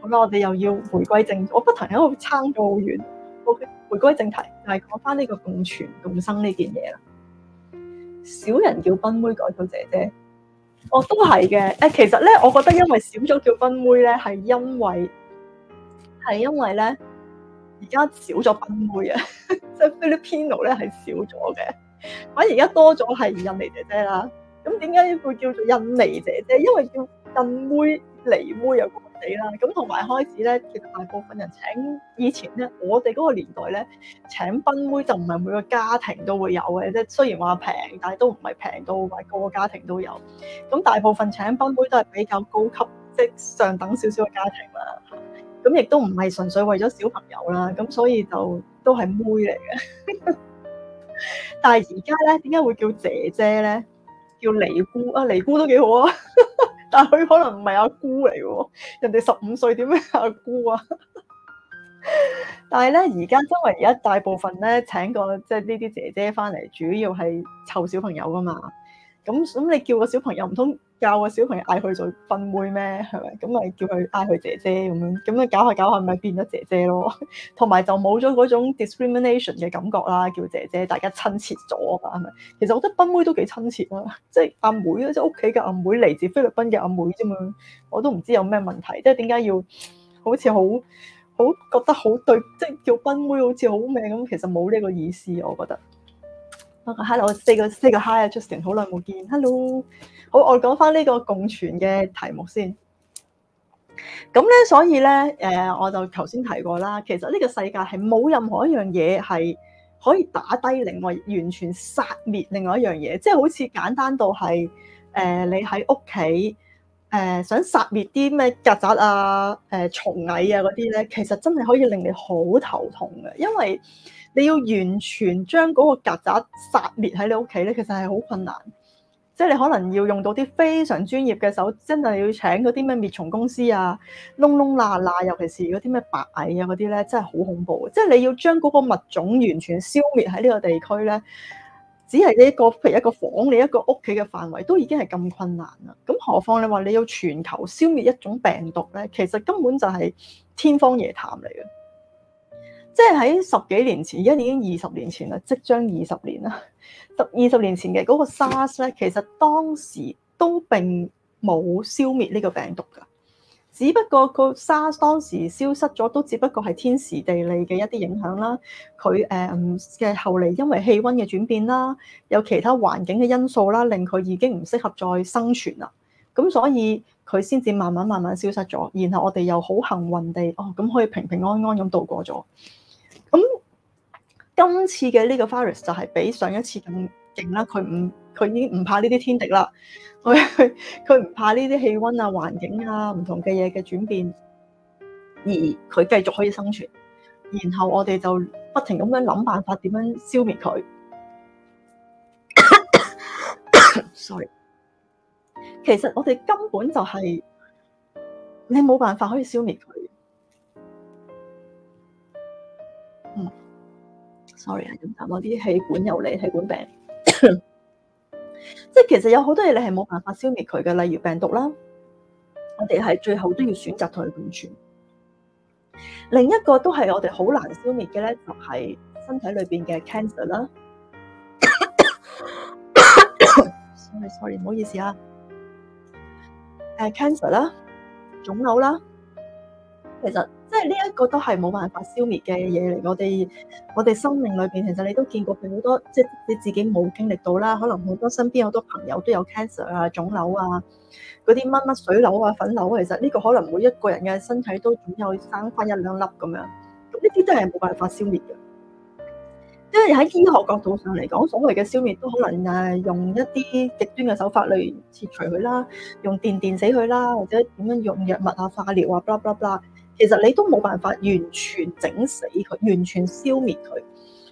好啦，我哋又要回歸正，我不停喺度撐咗好遠。OK，回歸正題，就係講返呢個共存共生呢件嘢啦。少人叫賓妹改做姐姐，哦，都係嘅。誒，其實咧，我覺得因為少咗叫賓妹咧，係因為係因為咧，而家少咗賓妹啊，即係 Filipino 咧，係少咗嘅，反而而家多咗係印尼姐姐啦。咁點解會叫做印尼姐姐？因為叫印妹、尼妹又過死啦。咁同埋開始咧，其實大部分人請以前咧，我哋嗰個年代咧請賓妹就唔係每個家庭都會有嘅啫。雖然話平，但係都唔係平到話個個家庭都有。咁大部分請賓妹都係比較高級，即係上等少少嘅家庭啦。咁亦都唔係純粹為咗小朋友啦。咁所以就都係妹嚟嘅。 但係而家咧，點解會叫姐姐咧？叫尼姑啊，尼姑都幾好啊， 但係佢可能唔係阿姑嚟喎，人哋十五歲點樣阿姑啊？ 但係咧，而家周圍而家大部分咧請個即係呢啲姐姐翻嚟，主要係湊小朋友㗎嘛。咁咁你叫個小朋友唔通？教個小朋友嗌佢做賓妹咩？係咪咁咪叫佢嗌佢姐姐咁樣咁咪搞下搞下，咪變咗姐姐咯。同 埋就冇咗嗰種 discrimination 嘅感覺啦。叫姐姐，大家親切咗㗎係咪？其實我覺得賓妹都幾親切啊。即係阿妹啊，即係屋企嘅阿妹，嚟自菲律賓嘅阿妹啫嘛。我都唔知有咩問題，即係點解要好似好好覺得好對，即係叫賓妹好似好命咁。其實冇呢個意思，我覺得。Okay, hello，Say 個 Say 個 Hi 啊，Justin，好耐冇見，Hello。好，我講翻呢個共存嘅題目先。咁咧，所以咧，誒、呃，我就頭先提過啦。其實呢個世界係冇任何一樣嘢係可以打低另外，完全殺滅另外一樣嘢。即係好似簡單到係誒、呃，你喺屋企誒想殺滅啲咩曱甴啊、誒、呃、蟲蟻啊嗰啲咧，其實真係可以令你好頭痛嘅，因為你要完全將嗰個曱甴殺滅喺你屋企咧，其實係好困難。即係你可能要用到啲非常專業嘅手，真係要請嗰啲咩滅蟲公司啊，窿窿罅罅，尤其是嗰啲咩白蟻啊嗰啲咧，真係好恐怖。即係你要將嗰個物種完全消滅喺呢個地區咧，只係呢一個，譬如一個房，你一個屋企嘅範圍都已經係咁困難啦。咁何況你話你要全球消滅一種病毒咧，其實根本就係天方夜譚嚟嘅。即係喺十幾年前，而家已經二十年前啦，即將二十年啦。二 十年前嘅嗰個 SARS 咧，其實當時都並冇消滅呢個病毒㗎。只不過個沙士當時消失咗，都只不過係天時地利嘅一啲影響啦。佢誒嘅後嚟，因為氣温嘅轉變啦，有其他環境嘅因素啦，令佢已經唔適合再生存啦。咁所以佢先至慢慢慢慢消失咗，然後我哋又好幸運地哦，咁可以平平安安咁度過咗。咁、嗯、今次嘅呢個 virus 就係比上一次咁勁啦，佢唔佢，已經唔怕呢啲天敵啦，佢佢佢唔怕呢啲氣温啊、環境啊、唔同嘅嘢嘅轉變，而佢繼續可以生存。然後我哋就不停咁樣諗辦法點樣消滅佢。 Sorry，其實我哋根本就係、是、你冇辦法可以消滅佢。sorry 啊，咁講啲氣管有理，氣管病， 即係其實有好多嘢你係冇辦法消滅佢嘅，例如病毒啦，我哋係最後都要選擇同佢共存。另一個都係我哋好難消滅嘅咧，就係、是、身體裏邊嘅 cancer 啦。 sorry sorry，唔好意思啊，誒、uh, cancer 啦，腫瘤啦，其實。呢一個都係冇辦法消滅嘅嘢嚟，我哋我哋生命裏邊，其實你都見過好多，即係你自己冇經歷到啦。可能好多身邊好多朋友都有 cancer 啊、腫瘤啊、嗰啲乜乜水瘤啊、粉瘤。其實呢個可能每一個人嘅身體都總有生翻一兩粒咁樣，咁呢啲都係冇辦法消滅嘅。因為喺醫學角度上嚟講，所謂嘅消滅都可能啊，用一啲極端嘅手法嚟切除佢啦，用電電死佢啦，或者點樣用藥物啊、化療啊，bla bla bla。Blah blah blah。其實你都冇辦法完全整死佢，完全消滅佢。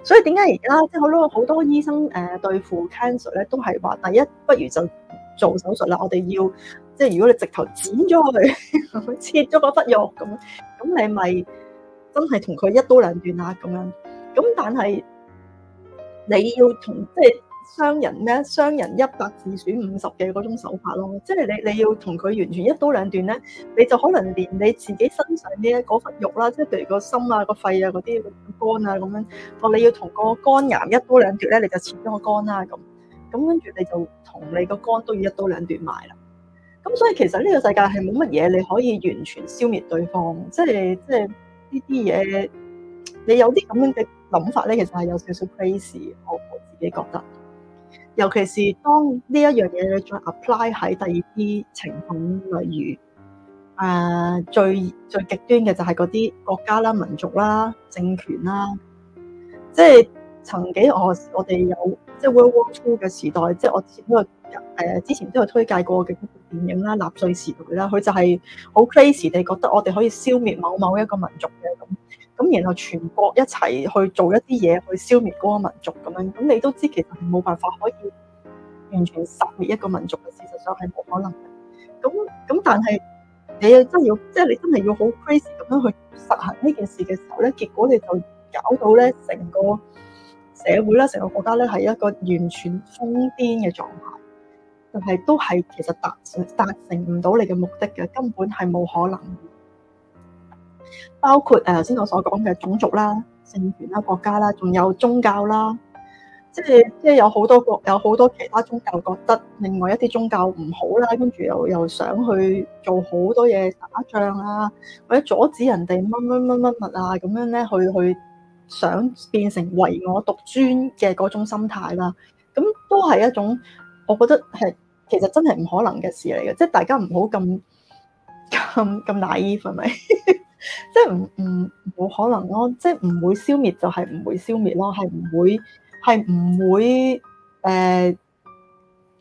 所以點解而家即係好多好多醫生誒對付 cancer 咧，都係話第一，不如就做手術啦。我哋要即係如果你直頭剪咗佢，切咗嗰塊肉咁，咁你咪真係同佢一刀兩斷啦咁樣。咁但係你要同，即係。傷人咧，傷人一百自損五十嘅嗰種手法咯，即係你你要同佢完全一刀兩斷咧，你就可能連你自己身上啲咧嗰塊肉啦，即係譬如個心啊、個肺啊嗰啲個肝啊咁樣。哦，你要同個肝癌一刀兩斷咧，你就切咗個肝啦、啊、咁。咁跟住你就同你個肝都要一刀兩斷埋啦。咁所以其實呢個世界係冇乜嘢你可以完全消滅對方，即係即係呢啲嘢，你有啲咁樣嘅諗法咧，其實係有少少 crazy 我自己覺得。尤其是當呢一樣嘢再 apply 喺第二啲情況，例如誒、呃、最最極端嘅就係嗰啲國家啦、民族啦、政權啦，即係曾經我我哋有即係 World War Two 嘅時代，即係我之前都有誒之前都有推介過嘅嗰部電影啦，《納粹時代》啦，佢就係好 crazy 地覺得我哋可以消滅某某一個民族嘅咁。咁然後全國一齊去做一啲嘢去消滅嗰個民族咁樣，咁你都知其實係冇辦法可以完全殺滅一個民族嘅，事實上係冇可能嘅。咁咁但係你又真係要，即係你真係要好 crazy 咁樣去實行呢件事嘅時候咧，結果你就搞到咧成個社會咧，成個國家咧係一個完全瘋癲嘅狀態，但係都係其實達達成唔到你嘅目的嘅，根本係冇可能。包括誒，頭先我所講嘅種族啦、政權啦、國家啦，仲有宗教啦，即係即係有好多國，有好多其他宗教覺得另外一啲宗教唔好啦，跟住又又想去做好多嘢打仗啊，或者阻止人哋乜乜乜乜乜啊，咁樣咧去去想變成唯我獨尊嘅嗰種心態啦，咁都係一種，我覺得係其實真係唔可能嘅事嚟嘅，即係大家唔好咁咁咁 naive，係咪？即係唔唔冇可能、啊、咯，即係唔會，會、呃、消滅就係唔會消滅咯，係唔會係唔會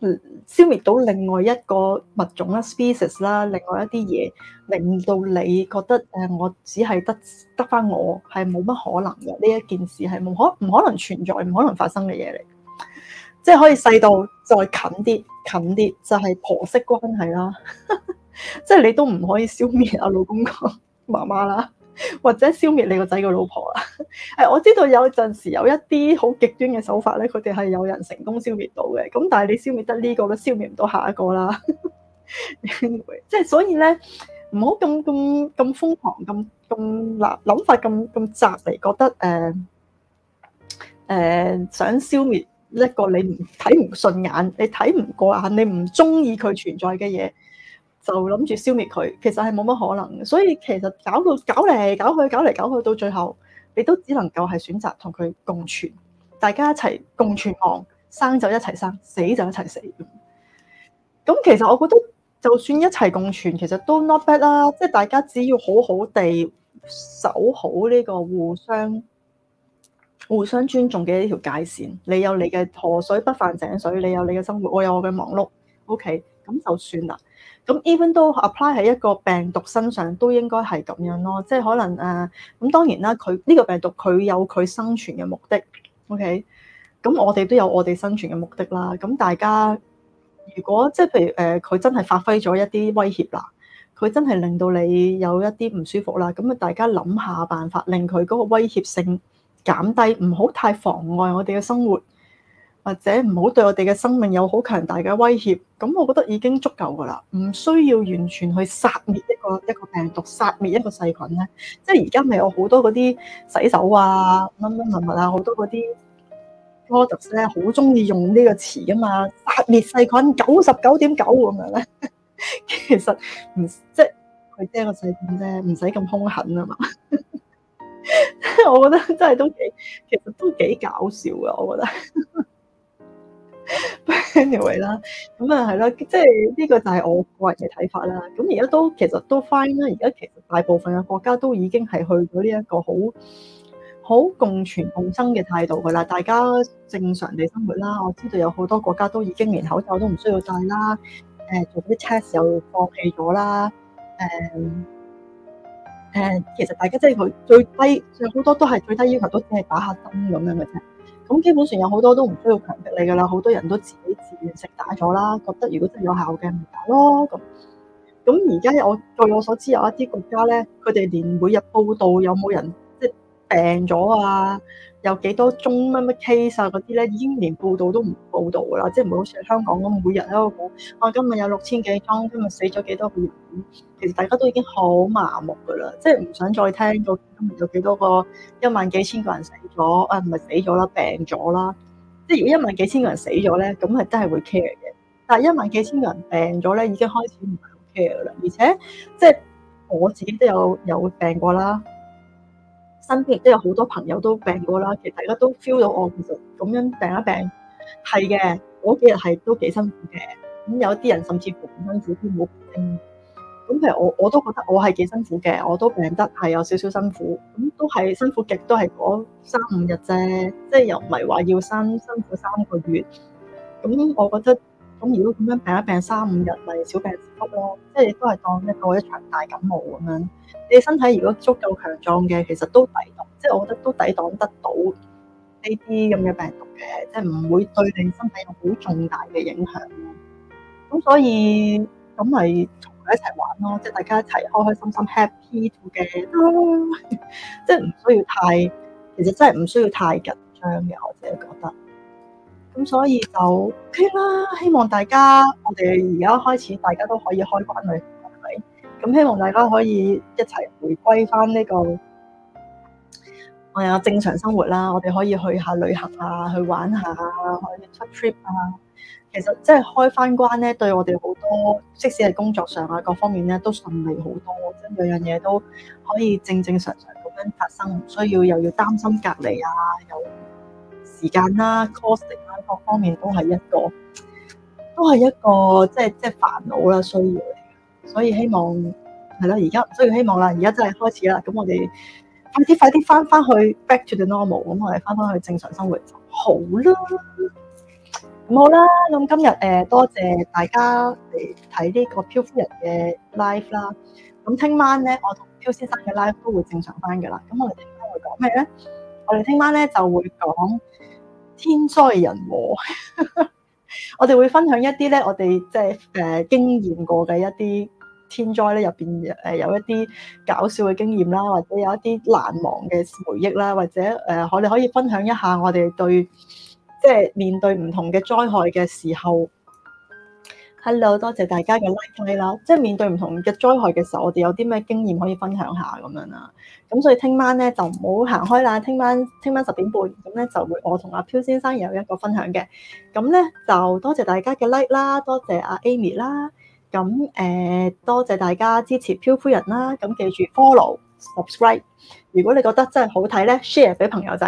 誒消滅到另外一個物種啦，species 啦，另外一啲嘢令到你覺得誒、呃，我只係得得翻我係冇乜可能嘅呢一件事係冇可唔可能存在唔可能發生嘅嘢嚟，即係可以細到再近啲近啲，就係、是、婆媳關係啦， 即係你都唔可以消滅阿、啊、老公講。媽媽啦，或者消滅你個仔個老婆啦。誒、 哎，我知道有陣時有一啲好極端嘅手法咧，佢哋係有人成功消滅到嘅。咁但係你消滅得呢、這個，都消滅唔到下一個啦。即係所以咧，唔好咁咁咁瘋狂，咁咁諗諗法咁咁窄嚟，覺得誒誒、呃呃、想消滅一個你唔睇唔順眼，你睇唔過眼，你唔中意佢存在嘅嘢。就諗住消滅佢，其實係冇乜可能嘅。所以其實搞到搞嚟搞去，搞嚟搞去，到最後你都只能夠係選擇同佢共存，大家一齊共存亡，生就一齊生，死就一齊死。咁其實我覺得，就算一齊共存，其實都 not bad 啦。即係大家只要好好地守好呢個互相互相尊重嘅一條界線。你有你嘅河水不犯井水，你有你嘅生活，我有我嘅忙碌。OK，咁就算啦。咁 even 都 apply 喺一個病毒身上，都應該係咁樣咯，即係可能誒，咁當然啦，佢呢個病毒佢有佢生存嘅目的，OK？咁我哋都有我哋生存嘅目的啦。咁大家如果即係譬如誒，佢真係發揮咗一啲威脅啦，佢真係令到你有一啲唔舒服啦，咁啊，大家諗下辦法，令佢嗰個威脅性減低，唔好太妨礙我哋嘅生活。或者唔好對我哋嘅生命有好強大嘅威脅，咁我覺得已經足夠噶啦，唔需要完全去殺滅一個一個病毒、殺滅一個細菌咧。即係而家咪有好多嗰啲洗手啊、乜乜物物啊，好多嗰啲 product 咧，好中意用呢個詞噶嘛，殺滅細菌九十九點九咁樣咧。其實唔即係佢掟個細菌啫，唔使咁兇狠啊嘛。 我覺得真係都幾，其實都幾搞笑噶，我覺得。Anyway 啦，就是，咁啊係啦，即係呢個就係我個人嘅睇法啦。咁而家都其實都 fine 啦。而家其實大部分嘅國家都已經係去咗呢一個好好共存共生嘅態度噶啦。大家正常地生活啦。我知道有好多國家都已經連口罩都唔需要戴啦。誒，做啲 test 又放棄咗啦。誒、嗯、誒、嗯，其實大家即係佢最低，好多都係最低要求都只係打下針咁樣嘅啫。咁基本上有好多都唔需要強迫你噶啦，好多人都自己自願食打咗啦，覺得如果真係有效嘅咪打咯咁。咁而家我據我所知有一啲國家咧，佢哋連每日報道有冇人即係病咗啊？有幾多宗乜乜 case 啊嗰啲咧已經連報導都唔報導噶啦，即係唔會好似香港咁每日喺度講，我今日有六千幾宗，今日死咗幾多個人？其實大家都已經好麻木噶啦，即係唔想再聽過今日有幾多個一萬幾千個人死咗啊，唔係死咗啦，病咗啦。即係如果一萬幾千個人死咗咧，咁係真係會 care 嘅。但係一萬幾千個人病咗咧，已經開始唔係好 care 啦。而且即係我自己都有有病過啦。身邊亦都有好多朋友都病過啦，其實大家都 feel 到我其實咁樣病一病係嘅，嗰幾日係都幾辛苦嘅。咁有啲人甚至乎唔辛苦啲冇病，咁其實我我都覺得我係幾辛苦嘅，我都病得係有少少辛苦，咁都係辛苦極都係嗰三五日啫，即係又唔係話要辛辛苦三個月。咁我覺得。咁如果咁樣病一病三五日，咪小病小哭咯，即係都係當一個一場大感冒咁樣。你身體如果足夠強壯嘅，其實都抵擋，即係我覺得都抵擋得到呢啲咁嘅病毒嘅，即係唔會對你身體有好重大嘅影響咯。咁所以咁咪同佢一齊玩咯，即係大家一齊開開心心 happy 嘅，即係唔需要太，其實真係唔需要太緊張嘅，我自己覺得。咁所以就 okay 啦，希望大家我哋而家開始，大家都可以開關旅，係咪？咁希望大家可以一齊回歸翻呢個我有正常生活啦，我哋可以去下旅行啊，去玩下，去出 trip 啊。其實即係開翻關咧，對我哋好多，即使係工作上啊，各方面咧都順利好多，即係樣樣嘢都可以正正常常咁樣發生，唔需要又要擔心隔離啊，有。時間啦、costing 啦，各方面都係一個都係一個，即係即係煩惱啦，需要嚟。所以希望係啦，而家唔需要希望啦，而家真係開始啦。咁我哋快啲快啲翻翻去 back to the normal，咁我哋翻翻去正常生活就好啦。咁好啦，咁今日誒、呃、多謝大家嚟睇呢個漂夫人嘅 live 啦。咁聽晚咧，我同漂先生嘅 live 都會正常翻嘅啦。咁我哋聽晚會講咩咧？我哋聽晚咧就會講。天災人禍， 我哋會分享一啲咧，我哋即係誒經驗過嘅一啲天災咧，入邊誒有一啲搞笑嘅經驗啦，或者有一啲難忘嘅回憶啦，或者誒我哋可以分享一下我哋對即係、就是、面對唔同嘅災害嘅時候。Hello，多謝大家嘅 like 同你啦，即係面對唔同嘅災害嘅時候，我哋有啲咩經驗可以分享下咁樣啦。咁所以聽晚咧就唔好行開啦，聽晚聽晚十點半咁咧就會我同阿漂先生有一個分享嘅。咁咧就多謝大家嘅 like 啦，多謝阿 Amy 啦。咁誒、呃、多謝大家支持漂夫人啦。咁記住 follow subscribe。如果你覺得真係好睇咧，share 俾朋友仔。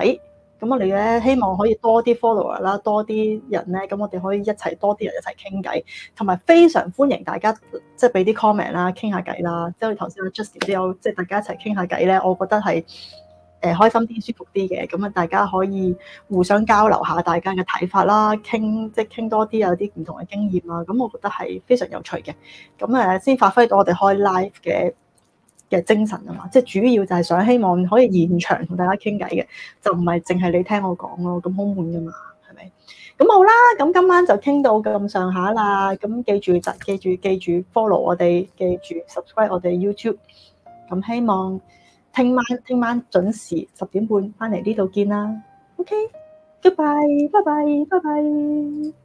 咁我哋咧希望可以多啲 follower 啦，多啲人咧，咁我哋可以一齊多啲人一齊傾偈，同埋非常歡迎大家即係俾啲 comment 啦，傾下偈啦。即係頭先阿 Justin 有即係大家一齊傾下偈咧，我覺得係誒開心啲、舒服啲嘅。咁啊，大家可以互相交流下大家嘅睇法啦，傾即係傾多啲有啲唔同嘅經驗啊。咁我覺得係非常有趣嘅。咁啊，先發揮到我哋開 live 嘅。嘅精神啊嘛，即係主要就係想希望可以現場同大家傾偈嘅，就唔係淨係你聽我講咯，咁好悶㗎嘛，係咪？咁好啦，咁今晚就傾到咁上下啦。咁記住就記住記住 follow 我哋，記住 subscribe 我哋 YouTube。咁希望聽晚聽晚準時十點半返嚟呢度見啦。OK，Goodbye，拜拜拜拜。